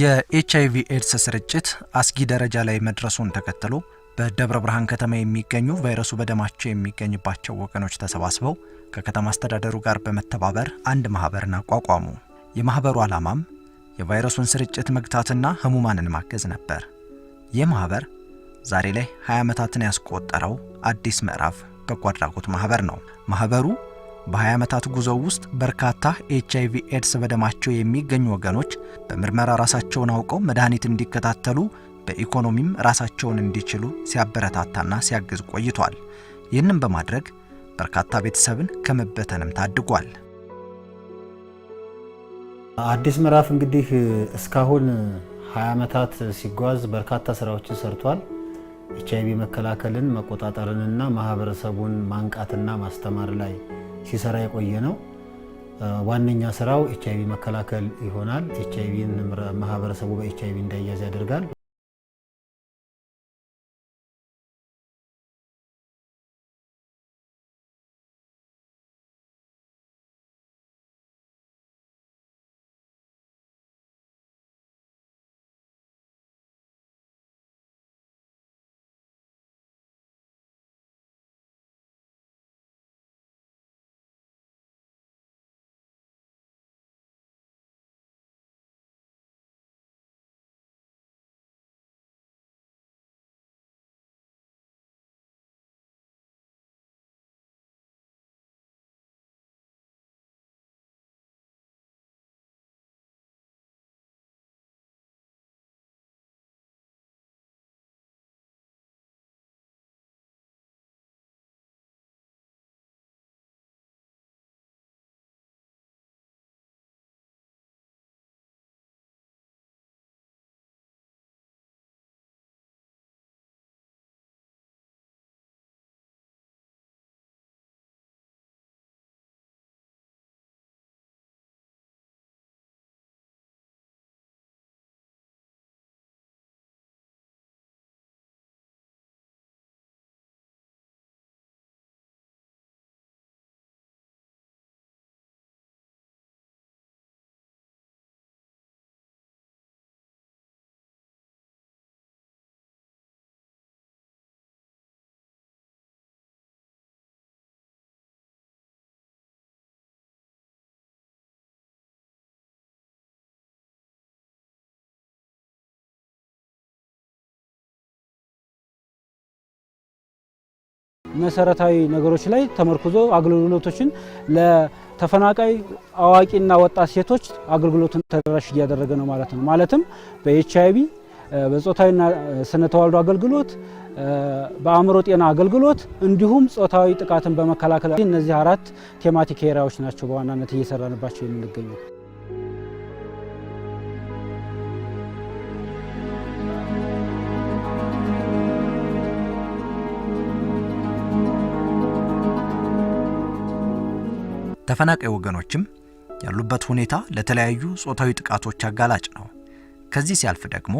የኤች አይቪ ኤድስ ስርጭት አስጊ ደረጃ ላይ መድረሱን ተከትሎ በደብረ ብርሃን ከተማ የሚገኙ ቫይረሱ በደማቸው የሚገኝባቸው ወገኖች ተሰባስበው ከከተማ አስተዳደሩ ጋር በመተባበር አንድ ማህበርን አቋቋሙ። የማህበሩ ዓላማም የቫይረሱን ስርጭት መግታትና ህሙማንን ማገዝ ነበር። ይህ ማህበር ዛሬ ላይ 20 ዓመታትን ያስቆጠረው አዲስ ምዕራፍ በጎ አድራጎት ማህበር ነው። ማህበሩ በ20 ዓመታት ጉዞ ውስጥ በርካታ ኤች አይ ቪ ኤድስ በደማቸው የሚገኙ ወገኖች በምርመራ ራሳቸውን አውቀው መድኃኒት እንዲከታተሉ በኢኮኖሚም ራሳቸውን እንዲችሉ ሲያበረታታና ሲያግዝ ቆይቷል። ይህንም በማድረግ በርካታ ቤተሰብን ከመበተንም ታድጓል። አዲስ ምዕራፍ እንግዲህ እስካሁን 20 ዓመታት ሲጓዝ በርካታ ስራዎችን ሰርቷል። ኤች አይ ቪ መከላከልን መቆጣጠርንና ማህበረሰቡን ማንቃትና ማስተማር ላይ ሲሰራ የቆየ ነው። ዋነኛ ስራው ኤች አይቪ መከላከል ይሆናል። ኤች ማህበረሰቡ በኤች አይቪ እንዳያዝ ያደርጋል። መሰረታዊ ነገሮች ላይ ተመርኩዞ አገልግሎቶችን ለተፈናቃይ አዋቂና ወጣት ሴቶች አገልግሎትን ተደራሽ እያደረገ ነው ማለት ነው። ማለትም በኤች አይቪ በጾታዊና ስነ ተዋልዶ አገልግሎት በአእምሮ ጤና አገልግሎት እንዲሁም ጾታዊ ጥቃትን በመከላከል እነዚህ አራት ቴማቲክ ኤሪያዎች ናቸው በዋናነት እየሰራንባቸው የምንገኘው። ተፈናቃይ ወገኖችም ያሉበት ሁኔታ ለተለያዩ ጾታዊ ጥቃቶች አጋላጭ ነው። ከዚህ ሲያልፍ ደግሞ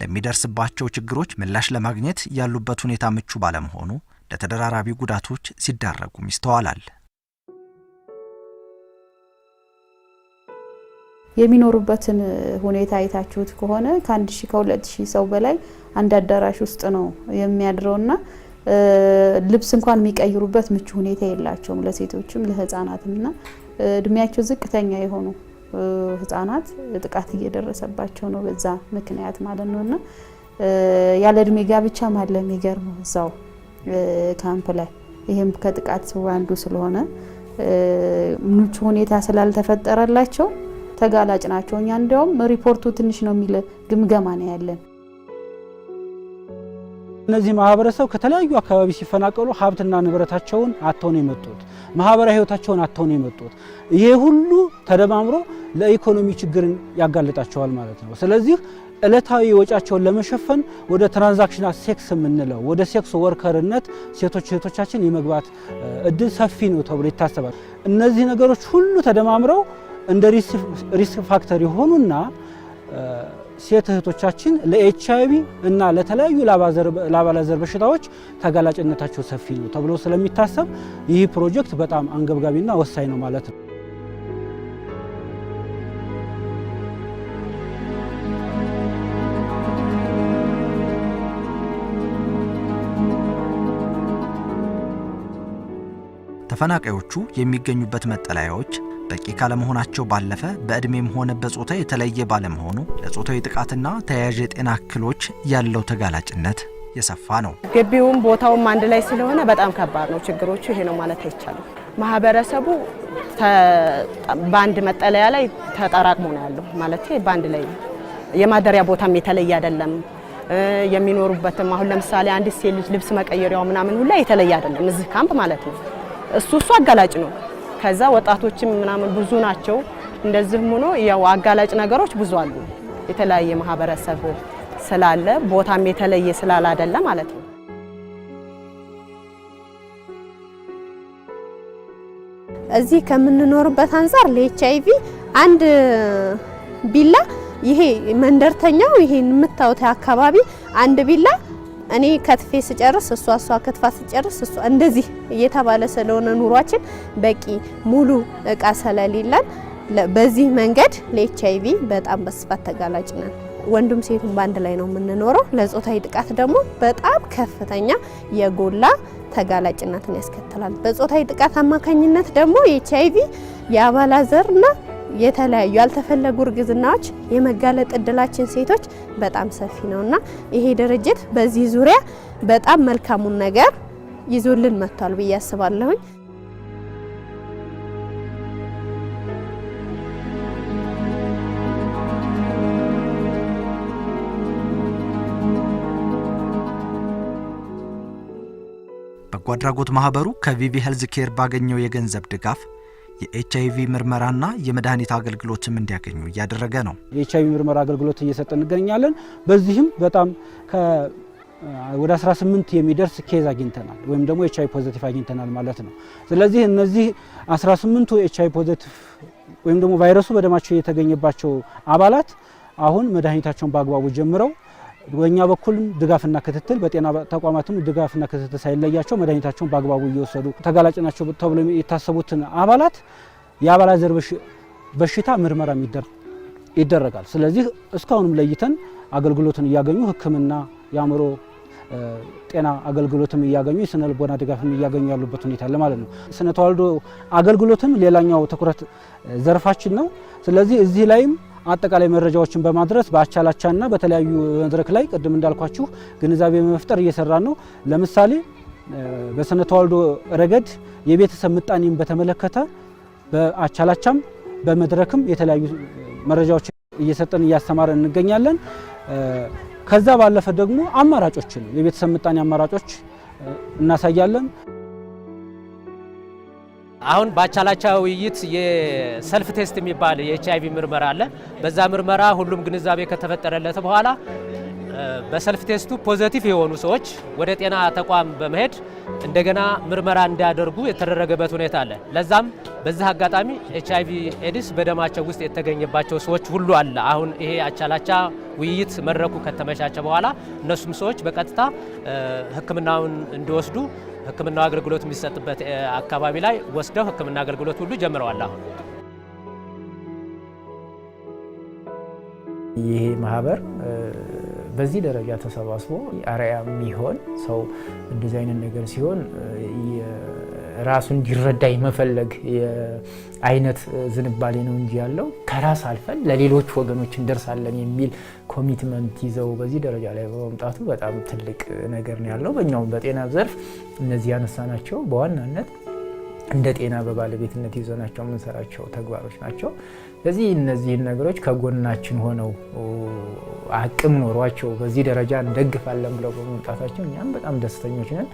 ለሚደርስባቸው ችግሮች ምላሽ ለማግኘት ያሉበት ሁኔታ ምቹ ባለመሆኑ ለተደራራቢ ጉዳቶች ሲዳረጉም ይስተዋላል። የሚኖሩበትን ሁኔታ አይታችሁት ከሆነ ከአንድ ሺ ከሁለት ሺህ ሰው በላይ አንድ አዳራሽ ውስጥ ነው የሚያድረውና ልብስ እንኳን የሚቀይሩበት ምቹ ሁኔታ የላቸውም። ለሴቶችም ለህፃናትም እና እድሜያቸው ዝቅተኛ የሆኑ ህጻናት ጥቃት እየደረሰባቸው ነው፣ በዛ ምክንያት ማለት ነው። እና ያለ እድሜ ጋብቻ ማለ የሚገርመው እዛው ካምፕ ላይ ይህም ከጥቃት አንዱ ስለሆነ ምቹ ሁኔታ ስላልተፈጠረላቸው ተጋላጭ ናቸው። እኛ እንዲያውም ሪፖርቱ ትንሽ ነው የሚል ግምገማ ነው ያለን። እነዚህ ማህበረሰብ ከተለያዩ አካባቢ ሲፈናቀሉ ሀብትና ንብረታቸውን አጥተው ነው የመጡት። ማህበራዊ ህይወታቸውን አጥተው ነው የመጡት። ይሄ ሁሉ ተደማምሮ ለኢኮኖሚ ችግርን ያጋልጣቸዋል ማለት ነው። ስለዚህ ዕለታዊ ወጫቸውን ለመሸፈን ወደ ትራንዛክሽናል ሴክስ የምንለው ወደ ሴክስ ወርከርነት ሴቶች እህቶቻችን የመግባት እድል ሰፊ ነው ተብሎ ይታሰባል። እነዚህ ነገሮች ሁሉ ተደማምረው እንደ ሪስክ ፋክተር የሆኑና ሴት እህቶቻችን ለኤች አይቪ እና ለተለያዩ ለአባላዘር በሽታዎች ተጋላጭነታቸው ሰፊ ነው ተብሎ ስለሚታሰብ ይህ ፕሮጀክት በጣም አንገብጋቢና ወሳኝ ነው ማለት ነው። ተፈናቃዮቹ የሚገኙበት መጠለያዎች በቂ ካለመሆናቸው ባለፈ በዕድሜም ሆነ በጾታ የተለየ ባለመሆኑ ለጾታዊ ጥቃትና ተያያዥ የጤና እክሎች ያለው ተጋላጭነት የሰፋ ነው። ግቢውም ቦታውም አንድ ላይ ስለሆነ በጣም ከባድ ነው። ችግሮቹ ይሄ ነው ማለት አይቻልም። ማህበረሰቡ በአንድ መጠለያ ላይ ተጠራቅሞ ነው ያለው ማለት በአንድ ላይ የማደሪያ ቦታም የተለየ አይደለም። የሚኖሩበትም አሁን ለምሳሌ አንዲት ሴት ልጅ ልብስ መቀየሪያው ምናምን ሁላ የተለየ አይደለም እዚህ ካምፕ ማለት ነው። እሱ እሱ አጋላጭ ነው። ከዛ ወጣቶችም ምናምን ብዙ ናቸው። እንደዚህም ሆኖ ያው አጋላጭ ነገሮች ብዙ አሉ። የተለያየ ማህበረሰብ ስላለ ቦታም የተለየ ስላለ አይደለ ማለት ነው። እዚህ ከምንኖርበት አንጻር ለኤች አይ ቪ አንድ ቢላ ይሄ መንደርተኛው ይሄን የምታዩት አካባቢ አንድ ቢላ እኔ ከትፌ ስጨርስ እሷ እሷ ከትፋ ስጨርስ እሷ እንደዚህ እየተባለ ስለሆነ ኑሯችን በቂ ሙሉ እቃ ስለሌለን በዚህ መንገድ ለኤች አይ ቪ በጣም በስፋት ተጋላጭ ነን። ወንዱም ሴቱም በአንድ ላይ ነው የምንኖረው። ለጾታዊ ጥቃት ደግሞ በጣም ከፍተኛ የጎላ ተጋላጭነትን ያስከትላል። በጾታዊ ጥቃት አማካኝነት ደግሞ ኤች አይ ቪ የአባላዘርና የተለያዩ ያልተፈለጉ እርግዝናዎች የመጋለጥ እድላችን ሴቶች በጣም ሰፊ ነውና ይሄ ድርጅት በዚህ ዙሪያ በጣም መልካሙን ነገር ይዞልን መጥቷል ብዬ አስባለሁኝ። በጎ አድራጎት ማህበሩ ከቪቪ ሄልዝ ኬር ባገኘው የገንዘብ ድጋፍ የኤችአይቪ ምርመራና የመድኃኒት አገልግሎትም እንዲያገኙ እያደረገ ነው። የኤችአይቪ ምርመራ አገልግሎት እየሰጠ እንገኛለን። በዚህም በጣም ወደ 18 የሚደርስ ኬዝ አግኝተናል ወይም ደግሞ ኤችአይቪ ፖዘቲቭ አግኝተናል ማለት ነው። ስለዚህ እነዚህ 18ቱ ኤችአይቪ ፖዘቲቭ ወይም ደግሞ ቫይረሱ በደማቸው የተገኘባቸው አባላት አሁን መድኃኒታቸውን በአግባቡ ጀምረው በእኛ በኩልም ድጋፍና ክትትል በጤና ተቋማትም ድጋፍና ክትትል ሳይለያቸው መድኃኒታቸውን በአግባቡ እየወሰዱ ተጋላጭ ናቸው ተብሎ የታሰቡትን አባላት የአባላት ዘር በሽታ ምርመራ ይደረጋል። ስለዚህ እስካሁንም ለይተን አገልግሎትን እያገኙ ሕክምና የአእምሮ ጤና አገልግሎትም እያገኙ የስነ ልቦና ድጋፍም እያገኙ ያሉበት ሁኔታ አለ ማለት ነው። ስነ ተዋልዶ አገልግሎትም ሌላኛው ትኩረት ዘርፋችን ነው። ስለዚህ እዚህ ላይም አጠቃላይ መረጃዎችን በማድረስ በአቻላቻና በተለያዩ መድረክ ላይ ቅድም እንዳልኳችሁ ግንዛቤ በመፍጠር እየሰራ ነው። ለምሳሌ በስነ ተዋልዶ ረገድ የቤተሰብ ምጣኔም በተመለከተ በአቻላቻም በመድረክም የተለያዩ መረጃዎችን እየሰጠን እያስተማረን እንገኛለን። ከዛ ባለፈ ደግሞ አማራጮችን የቤተሰብ ምጣኔ አማራጮች እናሳያለን። አሁን ባቻላቻ ውይይት የሰልፍ ቴስት የሚባል የኤች አይቪ ምርመራ አለ። በዛ ምርመራ ሁሉም ግንዛቤ ከተፈጠረለት በኋላ በሰልፍ ቴስቱ ፖዘቲቭ የሆኑ ሰዎች ወደ ጤና ተቋም በመሄድ እንደገና ምርመራ እንዲያደርጉ የተደረገበት ሁኔታ አለ። ለዛም በዚህ አጋጣሚ ኤች አይቪ ኤድስ በደማቸው ውስጥ የተገኘባቸው ሰዎች ሁሉ አለ። አሁን ይሄ አቻላቻ ውይይት መድረኩ ከተመቻቸ በኋላ እነሱም ሰዎች በቀጥታ ሕክምናውን እንዲወስዱ ሕክምናው አገልግሎት የሚሰጥበት አካባቢ ላይ ወስደው ሕክምና አገልግሎት ሁሉ ጀምረዋል። አሁን ይሄ ማህበር በዚህ ደረጃ ተሰባስቦ አርአያ የሚሆን ሰው እንደዚህ አይነት ነገር ሲሆን ራሱ እንዲረዳ የመፈለግ አይነት ዝንባሌ ነው እንጂ ያለው ከራስ አልፈን ለሌሎች ወገኖች እንደርሳለን የሚል ኮሚትመንት ይዘው በዚህ ደረጃ ላይ በመምጣቱ በጣም ትልቅ ነገር ነው ያለው። በእኛውም በጤና ዘርፍ እነዚህ ያነሳናቸው በዋናነት እንደ ጤና በባለቤትነት ይዘናቸው የምንሰራቸው ተግባሮች ናቸው። ስለዚህ እነዚህን ነገሮች ከጎናችን ሆነው አቅም ኖሯቸው በዚህ ደረጃ እንደግፋለን ብለው በመምጣታቸው እኛም በጣም ደስተኞች ነን።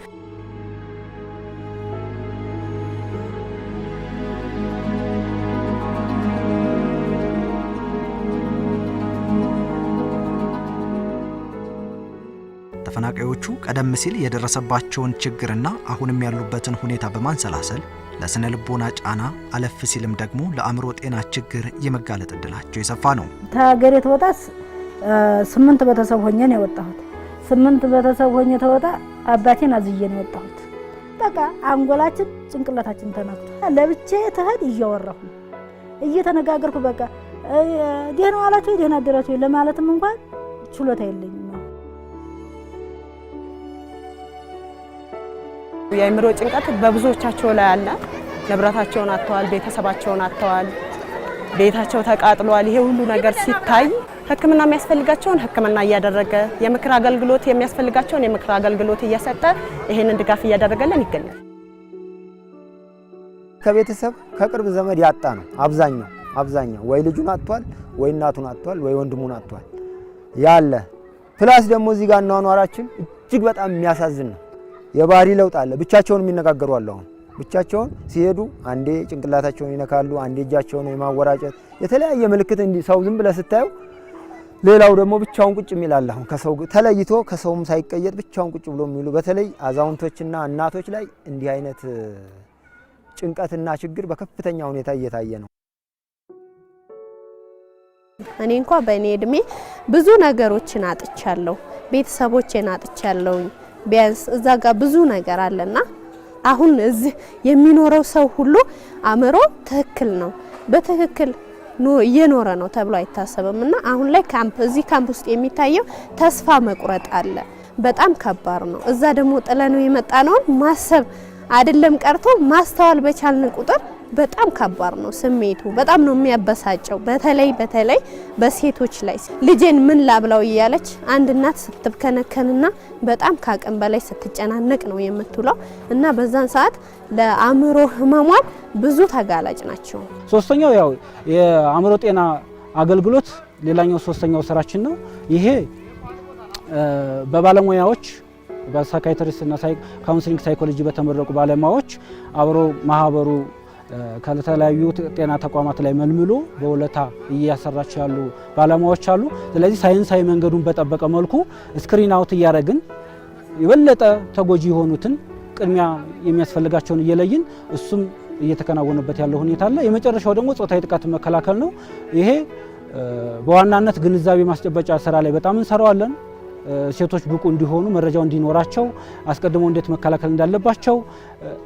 ተፈናቃዮቹ ቀደም ሲል የደረሰባቸውን ችግርና አሁንም ያሉበትን ሁኔታ በማንሰላሰል ለስነ ልቦና ጫና አለፍ ሲልም ደግሞ ለአእምሮ ጤና ችግር የመጋለጥ እድላቸው የሰፋ ነው። ከሀገሬ ተወጣ ስምንት ቤተሰብ ሆኜ ነው የወጣሁት። ስምንት ቤተሰብ ሆኜ ተወጣ አባቴን አዝዬ ነው የወጣሁት። በቃ አንጎላችን ጭንቅላታችን ተናግቶ ለብቼ ትህድ እያወራሁ እየተነጋገርኩ በቃ ደህና ዋላችሁ ደህና አደራችሁ ለማለትም እንኳን ችሎታ የለኝም። የአእምሮ ጭንቀት በብዙዎቻቸው ላይ አለ። ንብረታቸውን አጥተዋል፣ ቤተሰባቸውን አጥተዋል፣ ቤታቸው ተቃጥሏል። ይሄ ሁሉ ነገር ሲታይ ሕክምና የሚያስፈልጋቸውን ሕክምና እያደረገ የምክር አገልግሎት የሚያስፈልጋቸውን የምክር አገልግሎት እየሰጠ ይሄንን ድጋፍ እያደረገልን ይገኛል። ከቤተሰብ ከቅርብ ዘመድ ያጣ ነው አብዛኛው አብዛኛው ወይ ልጁን አጥቷል፣ ወይ እናቱን አጥቷል፣ ወይ ወንድሙን አጥቷል ያለ ፕላስ ደግሞ እዚህ ጋር እናኗራችን እጅግ በጣም የሚያሳዝን ነው። የባህሪ ለውጥ አለ። ብቻቸውን የሚነጋገሩ አሉ። አሁን ብቻቸውን ሲሄዱ አንዴ ጭንቅላታቸውን ይነካሉ፣ አንዴ እጃቸውን የማወራጨት የተለያየ ምልክት እንዲህ ሰው ዝም ብለህ ስታየው ሌላው ደግሞ ብቻውን ቁጭ የሚል አሁን ከሰው ተለይቶ ከሰውም ሳይቀየጥ ብቻውን ቁጭ ብሎ የሚሉ በተለይ አዛውንቶችና እናቶች ላይ እንዲህ አይነት ጭንቀትና ችግር በከፍተኛ ሁኔታ እየታየ ነው። እኔ እንኳ በእኔ እድሜ ብዙ ነገሮችን አጥቻለሁ፣ ቤተሰቦቼን አጥቻለሁኝ ቢያንስ እዛ ጋር ብዙ ነገር አለና አሁን እዚህ የሚኖረው ሰው ሁሉ አእምሮ ትክክል ነው በትክክል እየኖረ ነው ተብሎ አይታሰብም። እና አሁን ላይ ካምፕ እዚህ ካምፕ ውስጥ የሚታየው ተስፋ መቁረጥ አለ። በጣም ከባድ ነው። እዛ ደግሞ ጥለነው ነውን ማሰብ አይደለም ቀርቶ ማስተዋል በቻልን ቁጥር በጣም ከባድ ነው ስሜቱ። በጣም ነው የሚያበሳጨው። በተለይ በተለይ በሴቶች ላይ ልጄን ምን ላብላው እያለች አንድ እናት ስትብከነከንና በጣም ከአቅም በላይ ስትጨናነቅ ነው የምትውለው እና በዛን ሰዓት ለአእምሮ ህመሟን ብዙ ተጋላጭ ናቸው። ሶስተኛው ያው የአእምሮ ጤና አገልግሎት ሌላኛው ሶስተኛው ስራችን ነው። ይሄ በባለሙያዎች በሳይካትሪስት እና ካውንስሊንግ ሳይኮሎጂ በተመረቁ ባለሙያዎች አብሮ ማህበሩ ከተለያዩ ጤና ተቋማት ላይ መልምሎ በውለታ እያሰራች ያሉ ባለሙያዎች አሉ። ስለዚህ ሳይንሳዊ መንገዱን በጠበቀ መልኩ ስክሪን አውት እያደረግን የበለጠ ተጎጂ የሆኑትን ቅድሚያ የሚያስፈልጋቸውን እየለይን እሱም እየተከናወነበት ያለው ሁኔታ አለ። የመጨረሻው ደግሞ ጾታዊ ጥቃት መከላከል ነው። ይሄ በዋናነት ግንዛቤ ማስጨበጫ ስራ ላይ በጣም እንሰራዋለን። ሴቶች ብቁ እንዲሆኑ መረጃው እንዲኖራቸው አስቀድሞ እንዴት መከላከል እንዳለባቸው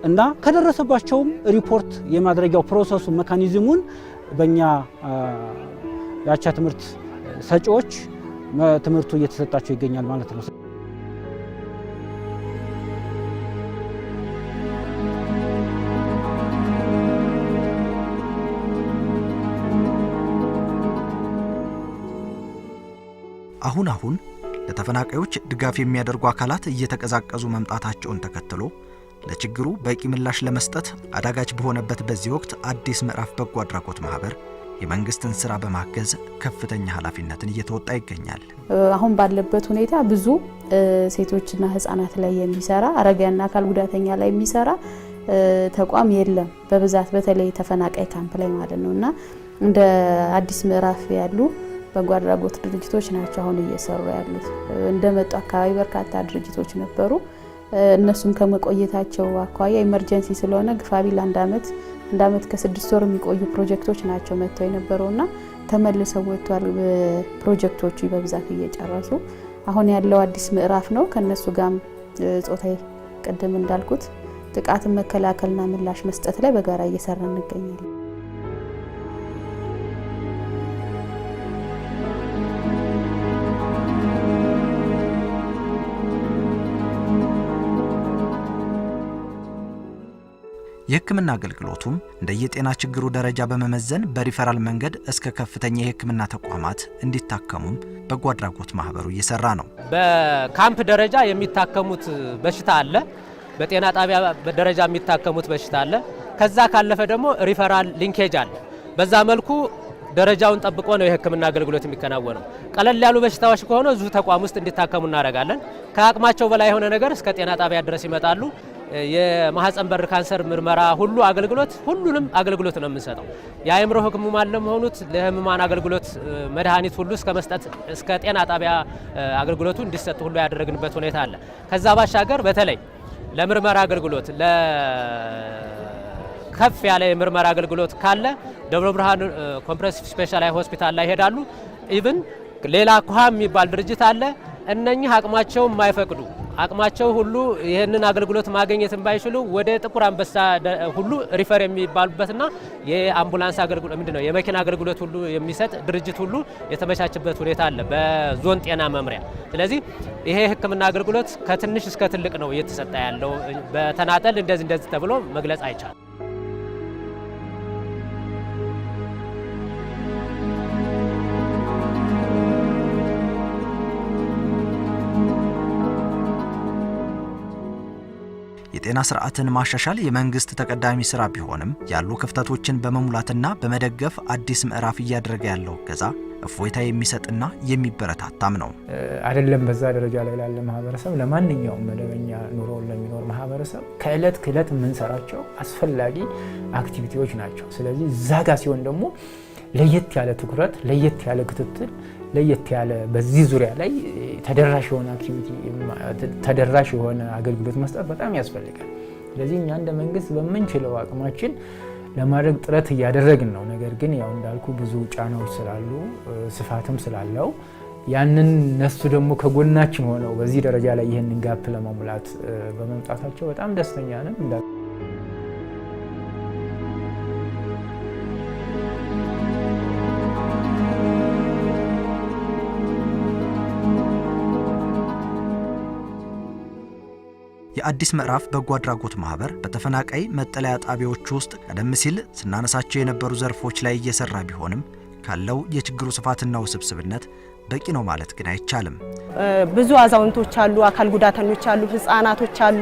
እና ከደረሰባቸውም ሪፖርት የማድረጊያው ፕሮሰሱ መካኒዝሙን በእኛ የአቻ ትምህርት ሰጪዎች ትምህርቱ እየተሰጣቸው ይገኛል ማለት ነው። አሁን አሁን ለተፈናቃዮች ድጋፍ የሚያደርጉ አካላት እየተቀዛቀዙ መምጣታቸውን ተከትሎ ለችግሩ በቂ ምላሽ ለመስጠት አዳጋች በሆነበት በዚህ ወቅት አዲስ ምዕራፍ በጎ አድራጎት ማህበር የመንግስትን ስራ በማገዝ ከፍተኛ ኃላፊነትን እየተወጣ ይገኛል። አሁን ባለበት ሁኔታ ብዙ ሴቶችና ህጻናት ላይ የሚሰራ አረጋና አካል ጉዳተኛ ላይ የሚሰራ ተቋም የለም በብዛት በተለይ ተፈናቃይ ካምፕ ላይ ማለት ነው እና እንደ አዲስ ምዕራፍ ያሉ በጎ አድራጎት ድርጅቶች ናቸው አሁን እየሰሩ ያሉት። እንደመጡ አካባቢ በርካታ ድርጅቶች ነበሩ። እነሱም ከመቆየታቸው አኳያ ኢመርጀንሲ ስለሆነ ግፋቢ ለአንድ ዓመት አንድ ዓመት ከስድስት ወር የሚቆዩ ፕሮጀክቶች ናቸው መጥተው የነበረው እና ተመልሰው ወጥቷል። ፕሮጀክቶቹ በብዛት እየጨረሱ አሁን ያለው አዲስ ምዕራፍ ነው። ከነሱ ጋም ጾታዊ ቅድም እንዳልኩት ጥቃትን መከላከልና ምላሽ መስጠት ላይ በጋራ እየሰራ እንገኛለን። የህክምና አገልግሎቱም እንደየጤና ችግሩ ደረጃ በመመዘን በሪፈራል መንገድ እስከ ከፍተኛ የህክምና ተቋማት እንዲታከሙም በጎ አድራጎት ማህበሩ እየሰራ ነው። በካምፕ ደረጃ የሚታከሙት በሽታ አለ። በጤና ጣቢያ ደረጃ የሚታከሙት በሽታ አለ። ከዛ ካለፈ ደግሞ ሪፈራል ሊንኬጅ አለ። በዛ መልኩ ደረጃውን ጠብቆ ነው የህክምና አገልግሎት የሚከናወነው። ቀለል ያሉ በሽታዎች ከሆነ እዙ ተቋም ውስጥ እንዲታከሙ እናደርጋለን። ከአቅማቸው በላይ የሆነ ነገር እስከ ጤና ጣቢያ ድረስ ይመጣሉ። የማህፀን በር ካንሰር ምርመራ ሁሉ አገልግሎት ሁሉንም አገልግሎት ነው የምንሰጠው። የአእምሮ ህሙማን ለመሆኑት ለህሙማን አገልግሎት መድኃኒት ሁሉ እስከ መስጠት እስከ ጤና ጣቢያ አገልግሎቱ እንዲሰጥ ሁሉ ያደረግንበት ሁኔታ አለ። ከዛ ባሻገር በተለይ ለምርመራ አገልግሎት ለከፍ ያለ የምርመራ አገልግሎት ካለ ደብረ ብርሃን ኮምፕሬሲቭ ስፔሻላይ ሆስፒታል ላይ ይሄዳሉ። ኢቭን ሌላ ኩሃ የሚባል ድርጅት አለ። እነኚህ አቅማቸው የማይፈቅዱ አቅማቸው ሁሉ ይህንን አገልግሎት ማግኘትን ባይችሉ ወደ ጥቁር አንበሳ ሁሉ ሪፈር የሚባሉበትና የአምቡላንስ አገልግሎት ምንድን ነው የመኪና አገልግሎት ሁሉ የሚሰጥ ድርጅት ሁሉ የተመቻችበት ሁኔታ አለ በዞን ጤና መምሪያ። ስለዚህ ይሄ ሕክምና አገልግሎት ከትንሽ እስከ ትልቅ ነው እየተሰጠ ያለው። በተናጠል እንደዚህ እንደዚህ ተብሎ መግለጽ አይቻልም። የጤና ስርዓትን ማሻሻል የመንግስት ተቀዳሚ ስራ ቢሆንም ያሉ ክፍተቶችን በመሙላትና በመደገፍ አዲስ ምዕራፍ እያደረገ ያለው እገዛ እፎይታ የሚሰጥና የሚበረታታም ነው። አይደለም በዛ ደረጃ ላይ ላለ ማህበረሰብ፣ ለማንኛውም መደበኛ ኑሮውን ለሚኖር ማህበረሰብ ከእለት ክእለት የምንሰራቸው አስፈላጊ አክቲቪቲዎች ናቸው። ስለዚህ እዛ ጋ ሲሆን ደግሞ ለየት ያለ ትኩረት፣ ለየት ያለ ክትትል ለየት ያለ በዚህ ዙሪያ ላይ ተደራሽ የሆነ አክቲቪቲ ተደራሽ የሆነ አገልግሎት መስጠት በጣም ያስፈልጋል። ስለዚህ እኛ እንደ መንግስት በምንችለው አቅማችን ለማድረግ ጥረት እያደረግን ነው። ነገር ግን ያው እንዳልኩ ብዙ ጫናዎች ስላሉ ስፋትም ስላለው ያንን እነሱ ደግሞ ከጎናችን ሆነው በዚህ ደረጃ ላይ ይህንን ጋፕ ለመሙላት በመምጣታቸው በጣም ደስተኛ ነን። አዲስ ምዕራፍ በጎ አድራጎት ማህበር በተፈናቃይ መጠለያ ጣቢያዎች ውስጥ ቀደም ሲል ስናነሳቸው የነበሩ ዘርፎች ላይ እየሰራ ቢሆንም ካለው የችግሩ ስፋትና ውስብስብነት በቂ ነው ማለት ግን አይቻልም። ብዙ አዛውንቶች አሉ፣ አካል ጉዳተኞች አሉ፣ ህጻናቶች አሉ።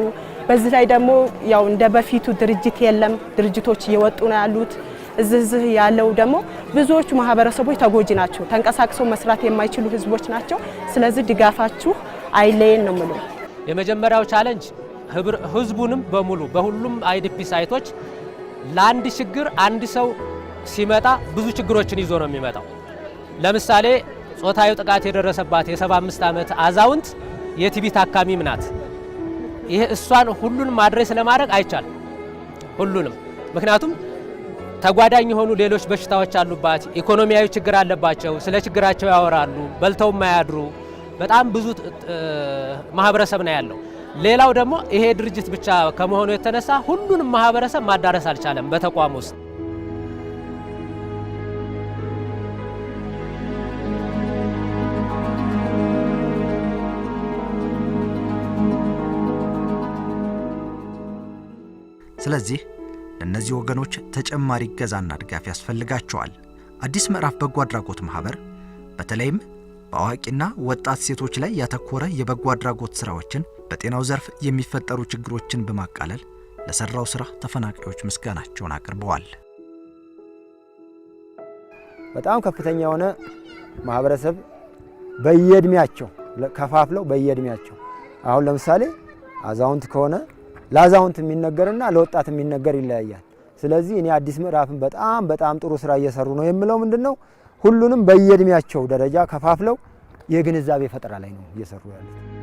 በዚህ ላይ ደግሞ ያው እንደ በፊቱ ድርጅት የለም። ድርጅቶች እየወጡ ነው ያሉት። እዝህ ያለው ደግሞ ብዙዎቹ ማህበረሰቦች ተጎጂ ናቸው። ተንቀሳቅሰው መስራት የማይችሉ ህዝቦች ናቸው። ስለዚህ ድጋፋችሁ አይለየን ነው የምለው። የመጀመሪያው ቻለንጅ ህዝቡንም በሙሉ በሁሉም አይዲፒ ሳይቶች ለአንድ ችግር አንድ ሰው ሲመጣ ብዙ ችግሮችን ይዞ ነው የሚመጣው። ለምሳሌ ጾታዊ ጥቃት የደረሰባት የ75 ዓመት አዛውንት የቲቪ ታካሚም ናት። ይሄ እሷን ሁሉንም አድሬስ ለማድረግ አይቻልም። ሁሉንም ምክንያቱም ተጓዳኝ የሆኑ ሌሎች በሽታዎች አሉባት፣ ኢኮኖሚያዊ ችግር አለባቸው። ስለ ችግራቸው ያወራሉ፣ በልተው ማያድሩ በጣም ብዙ ማህበረሰብ ነው ያለው። ሌላው ደግሞ ይሄ ድርጅት ብቻ ከመሆኑ የተነሳ ሁሉንም ማህበረሰብ ማዳረስ አልቻለም በተቋም ውስጥ። ስለዚህ ለእነዚህ ወገኖች ተጨማሪ እገዛና ድጋፍ ያስፈልጋቸዋል። አዲስ ምዕራፍ በጎ አድራጎት ማህበር በተለይም በአዋቂና ወጣት ሴቶች ላይ ያተኮረ የበጎ አድራጎት ስራዎችን በጤናው ዘርፍ የሚፈጠሩ ችግሮችን በማቃለል ለሰራው ስራ ተፈናቃዮች ምስጋናቸውን አቅርበዋል። በጣም ከፍተኛ የሆነ ማህበረሰብ በየእድሜያቸው ከፋፍለው በየእድሜያቸው አሁን ለምሳሌ አዛውንት ከሆነ ለአዛውንት የሚነገርና ለወጣት የሚነገር ይለያያል። ስለዚህ እኔ አዲስ ምዕራፍን በጣም በጣም ጥሩ ስራ እየሰሩ ነው የምለው ምንድን ነው ሁሉንም በየእድሜያቸው ደረጃ ከፋፍለው የግንዛቤ ፈጠራ ላይ ነው እየሰሩ ያሉት።